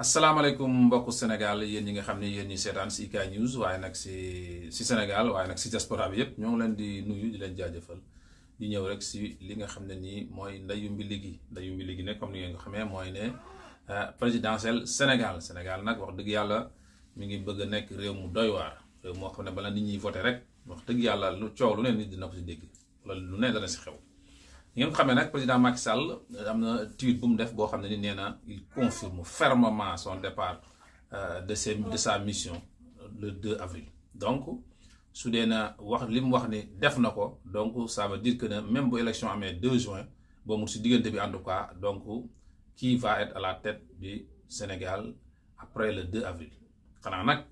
asalaamaaleykum mbokk Sénégal yéen ñi nga xam ne yéen ñi seetaan si IK News waaye nag si si Sénégal waaye nag si diaspora bi yépp ñoo ngi leen di nuyu di leen jaajëfal di ñëw rek si li nga xam ne nii mooy ndayu mbili gi ndayu mbili gi ne comme ni nga xamee mooy ne euh, présidentielle Sénégal Sénégal nag wax dëgg yàlla mu ngi bëgg a nekk réew mu doy waar réew moo xam ne bala nit ñuy voté rek wax dëgg yàlla lu coow lu ne nit dina ko si dégg loolu lu ne dana si xew ngeen ko xamee nag président Macky Sall euh, am na tweet bu mu def boo xam ne ni nee na il confirme fermement son départ euh, de ses de sa mission euh, le 2 avril donc su dee na wax li mu wax ni def na ko donc ça veut dire que ne même bu élection amee 2 juin boo mu si diggante bi en tout cas donc qui va être à la tête bi Sénégal après le 2 avril xanaa nag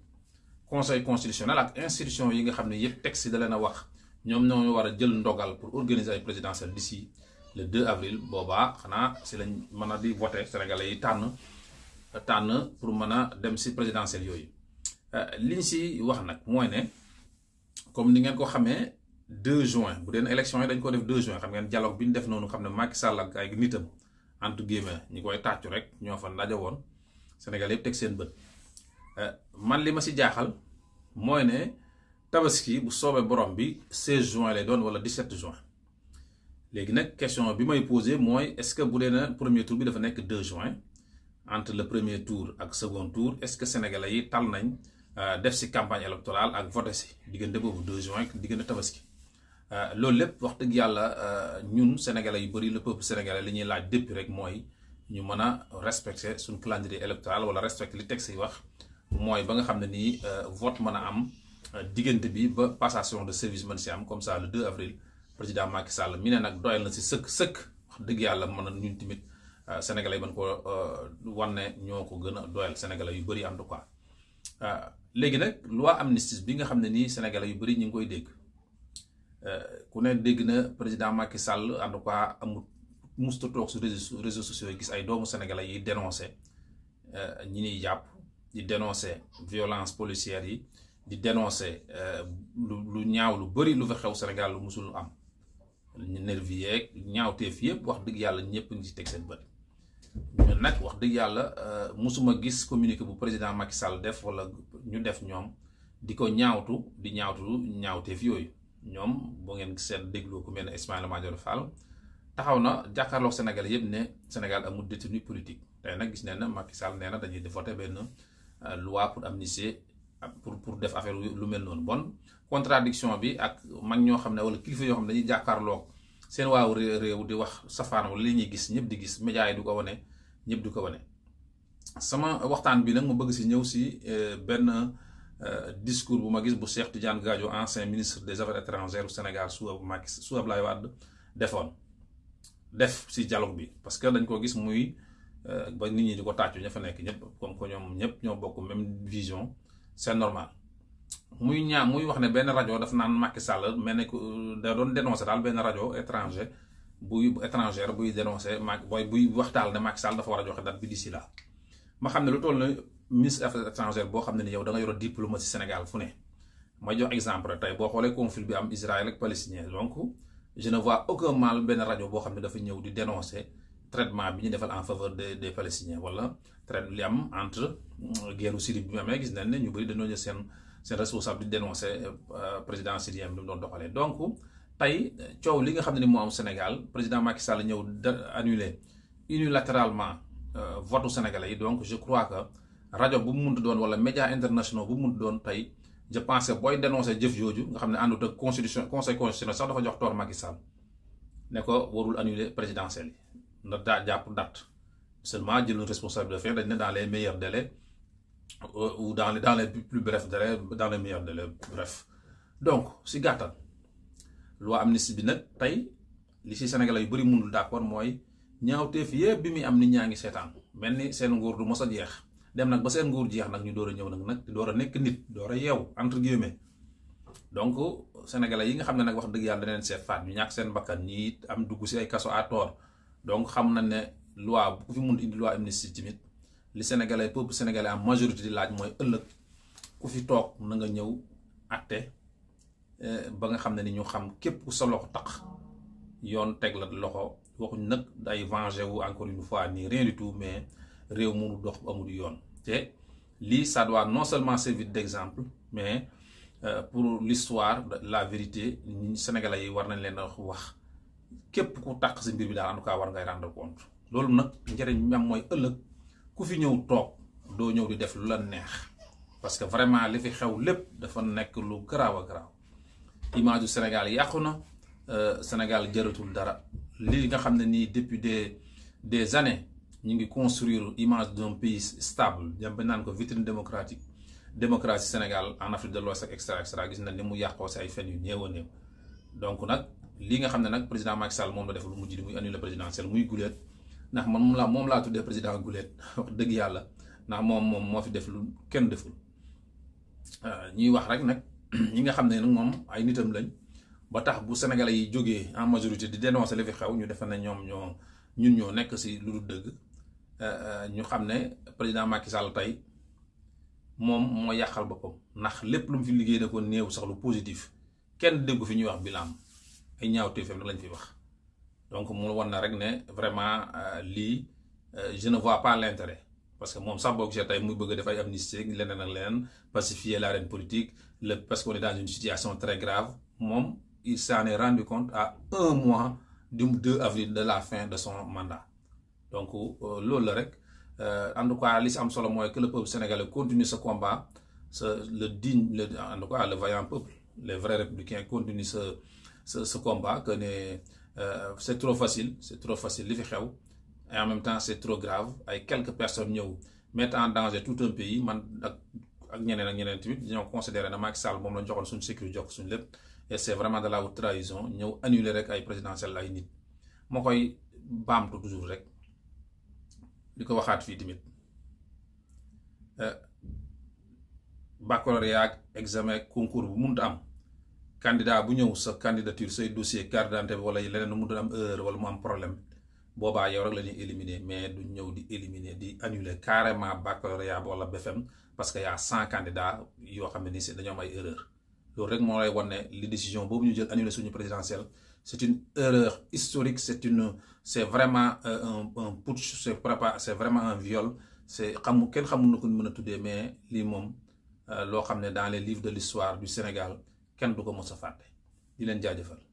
conseil constitutionnel ak institution yi nga xam ne yëpp texte da leen a wax ñoom ñoo war a jël ndogal pour organiser ay di si le 2 avril boobaa xanaa si lañ mën a di voter sénégalais yi tànn tànn pour mën a dem si présidentielles yooyu euh, liñ si wax nag mooy ne comme ni ngeen ko xamee 2 juin bu deen élection yi dañ ko def 2 juin xam ngeen dialogue bi ñu def noonu xam ne Macky Sall ak ay nitam entre guillemets ñi koy tàccu rek ñoo fa ndaje woon Sénégal yëpp teg seen bët euh, man li ma si jaaxal mooy ne. tabaski bu soobee borom bi 16 juin lay doon wala 17 juin léegi nag question bi may posé mooy est-ce que bu dee na premier tour bi dafa nekk 2 juin entre le premier tour ak second tour est-ce que sénégalais yi tal nañ euh, def si campagne électorale ak voté si diggante boobu 2 juin diggante tabaski euh, loolu lépp wax dëgg yàlla euh, ñun sénégalais yu bëri le peuple sénégalais li ñuy laaj depuis rek mooy ñu mën a respecter suñu calendrier électoral wala respecter li texte yi wax mooy ba nga xam ne nii vote mën a am. Euh, diggante bi ba passation de service mën si am comme ça le 2 avril président Macky Sall mu ne nag doyal na si sëkk sëkk wax dëgg yàlla mën na ñun tamit euh, sénégalais yi mën ko euh, wan ne ñoo ko gën a doyal sénégalais yu bëri en tout cas léegi nag loi amnistie bi nga xam ne nii sénégalais yu bëri ñu ngi koy dégg ku ne dégg na président Macky Sall en tout amul musta toog su réseaux sociaux yi gis ay doomu sénégalais yi dénoncé ñi ñuy jàpp di dénoncé violence policière yi di dénoncer euh, lu lu ñaaw lu bëri lu fa xew Sénégal lu musul am nervi yeeg ñaawteef yëpp wax dëgg yàlla ñëpp ngi ci teg seen bët ñu nag wax dëgg yàlla euh, musuma gis communiqué bu président Macky Sall def wala ñu def ñoom di ko ñaawtu di ñaawtu ñaawteef yooyu ñoom bu ngeen seen dégloo ku mel ne Ismaïla Madior Fall taxaw na jàkkaarloo Sénégal yëpp ne Sénégal mu détenu politique tey nag gis nañ ne Macky Sall nee na dañuy voté benn euh, loi pour amnistier pour pour def affaire lu mel noonu bon contradiction bi ak mag ñoo xam ne wala kilifa yoo xam ne dañuy jàkkaarloog seen waaw réew di wax safaan wala li ñuy gis ñëpp di gis média yi du ko wane ñëpp du ko wane. sama waxtaan bi nag ma bëgg si ñëw si euh, benn euh, discours bu ma gis bu Cheikh Tidiane Gadio ancien ministre des affaires étrangères du Sénégal sous euh, Macky sous Abdoulaye Wade defoon def si dialogue bi parce que dañ koo gis muy ba nit ñi di ko tàccu ña nekk ñëpp comme ñëpp ñoo bokk même vision. c'est normal muy ñaa muy wax ne benn rajo daf naan Macky Sall mel ne euh, da doon dénoncé daal benn rajo étranger buy étrangère buy dénoncé Macky booy buy wax daal ne Macky Sall dafa war a joxe date bi d'ici là ma xam ne lu toll na ministre affaires étrangères boo xam ne ni yow da nga yor diplomatie Sénégal fu ne ma jox exemple tey boo xoolee conflit bi am Israël ak palestinien donc je ne vois mal benn rajo boo xam ne dafa ñëw di dénoncé traitement bi ñu defal en faveur des des palestiniens wala traite li am entre euh, guerru Syrie bi mu amee gis nañ ne ñu bëri dañoo jël seen seen responsable di dénoncé euh, président syrien bi mu doon doxalee donc tey coow li nga xam ne ni moo am Sénégal président Macky Sall ñëw da annulé unilatéralement euh, votu sénégalais yi donc je crois que rajo bu mu munti doon wala média internationaux bu mu munti doon tey je pense booy dénoncé jëf yooyu nga xam ne àndut ak constitution conseil constitutionnel sax dafa jox tort Macky ne ko warul annulé présidentiel yi ndax daa jàpp date seulement jël responsabilité dañ ne dans les meilleurs délais euh, ou dans les dans les plus brefs délais dans les meilleurs délais bref donc si gàttan gàttal loi amnistie bi nag tey li si Sénégalais yu bëri mënul d'accord mooy ñaawteef yëpp bi muy am nit ñaa ngi seetaan mel ni seen nguur du mos a jeex dem nag ba seen nguur jeex nag ñu door a ñëw nag nag door a nekk nit door a yeew entre guillemets donc Sénégalais yi nga xam ne nag wax dëgg yàlla daneen seet faat ñu ñàkk seen bakkan ñi am dugg si ay kaso à tort donc xam na ne loi ku fi mun indi loi amnistie tamit li sénégalais peuple sénégalais en majorité laaj mooy ëllëg ku fi toog na nga ñëw atte eh, ba nga xam ne ni ñu xam képp ku sa loxo taq yoon teg la loxo waxuñ nag day venger wu encore une fois nii rien du tout mais réew mënu dox ba amul yoon te lii ça doit non seulement servir d'exemple mais euh, pour l'histoire la vérité sénégalais yi war nañ leen a wax képp ku tàq si mbir bi daal en tout cas war ngay rendre compte loolu nag njëriñ ñam mooy ëllëg ku fi ñëw toog doo ñëw di def lu la neex parce que vraiment li fi xew lépp dafa nekk lu garaaw a garaaw image du Sénégal yàqu na euh, Sénégal jëratul dara lii nga xam ne nii depuis des des années ñu ngi construire image d'un pays stable dem ba naan ko vitrine démocratique démocratie Sénégal en Afrique de l'Ouest extra extra gis na ni mu yàqoo si ay fen yu néew a lii nga xam ne nag président Macky Sall moom la def lu mujj di muy annulé présidentiel muy guléet ndax man moom laa moom laa tuddee président guléet wax dëgg yàlla ndax moom moom moo fi def lu kenn deful euh, ñuy wax rek nag ñi nga xam ne nag moom ay nitam lañ ba tax bu sénégalais yi jógee en majorité di dénoncer li fi xew ñu defe ne ñoom ñoo ñun ñoo nekk si lu dul euh, euh, ñu xam ne président Macky Sall tey moom moo yàqal boppam ndax lépp lu mu fi liggéey da ko néew sax lu positif kenn déggu fi ñuy wax bilan ay ñaawteefam rek lañ fi wax donc mu wan na rek ne vraiment euh, lii euh, je ne vois pas l'intérêt parce que moom sax boo gisee tey muy bëgg def ay amnistie leneen ak leneen pacifier l'arène politique le parce qu'on est dans une situation très grave moom il s'en est rendu compte à un mois du 2 avril de la fin de son mandat donc euh, loolu la rek en tout cas li si am solo mooy que le peuple sénégalais continue ce combat ce le digne le en tout cas le vaillant peuple les vrais républicains ce ce combat que ne euh, c'est trop facile c'est trop facile li fi xew et en même temps c'est trop grave ay quelques personnes ñëw mettre en danger tout un pays man ak ak ñeneen ak ñeneen tamit ñoo considéré na Macky Sall moom la ñu joxoon suñu sécurité jox suñu lépp et c'est vraiment de la haute ñëw annuler rek ay présidentielles lay nit moo koy baamtu toujours rek di ko waxaat fii tamit euh, baccalauréat ak examen concours bu munta am. candidat bu ñëw sa candidature say dossier carte d'identité bi wala leneen mu doon am erreur wala mu am problème booba yow rek la ñuy éliminer mais du ñëw di éliminer di annuler carrément baccalauréat wala BFM parce que y a cent yoo xam ne ni si dañoo am ay erreur loolu rek moo lay wan ne li décision boobu ñu jël annuler suñu présidentielle c'est une erreur historique c'est une c'est vraiment euh, un un putsch c'est prépa c'est vraiment un viol c'est xamu kenn xamul na mën a tuddee mais lii moom euh, loo xam ne dans les livres de l'histoire du Sénégal kenn du ko mos a fàtte di leen jaajëfal.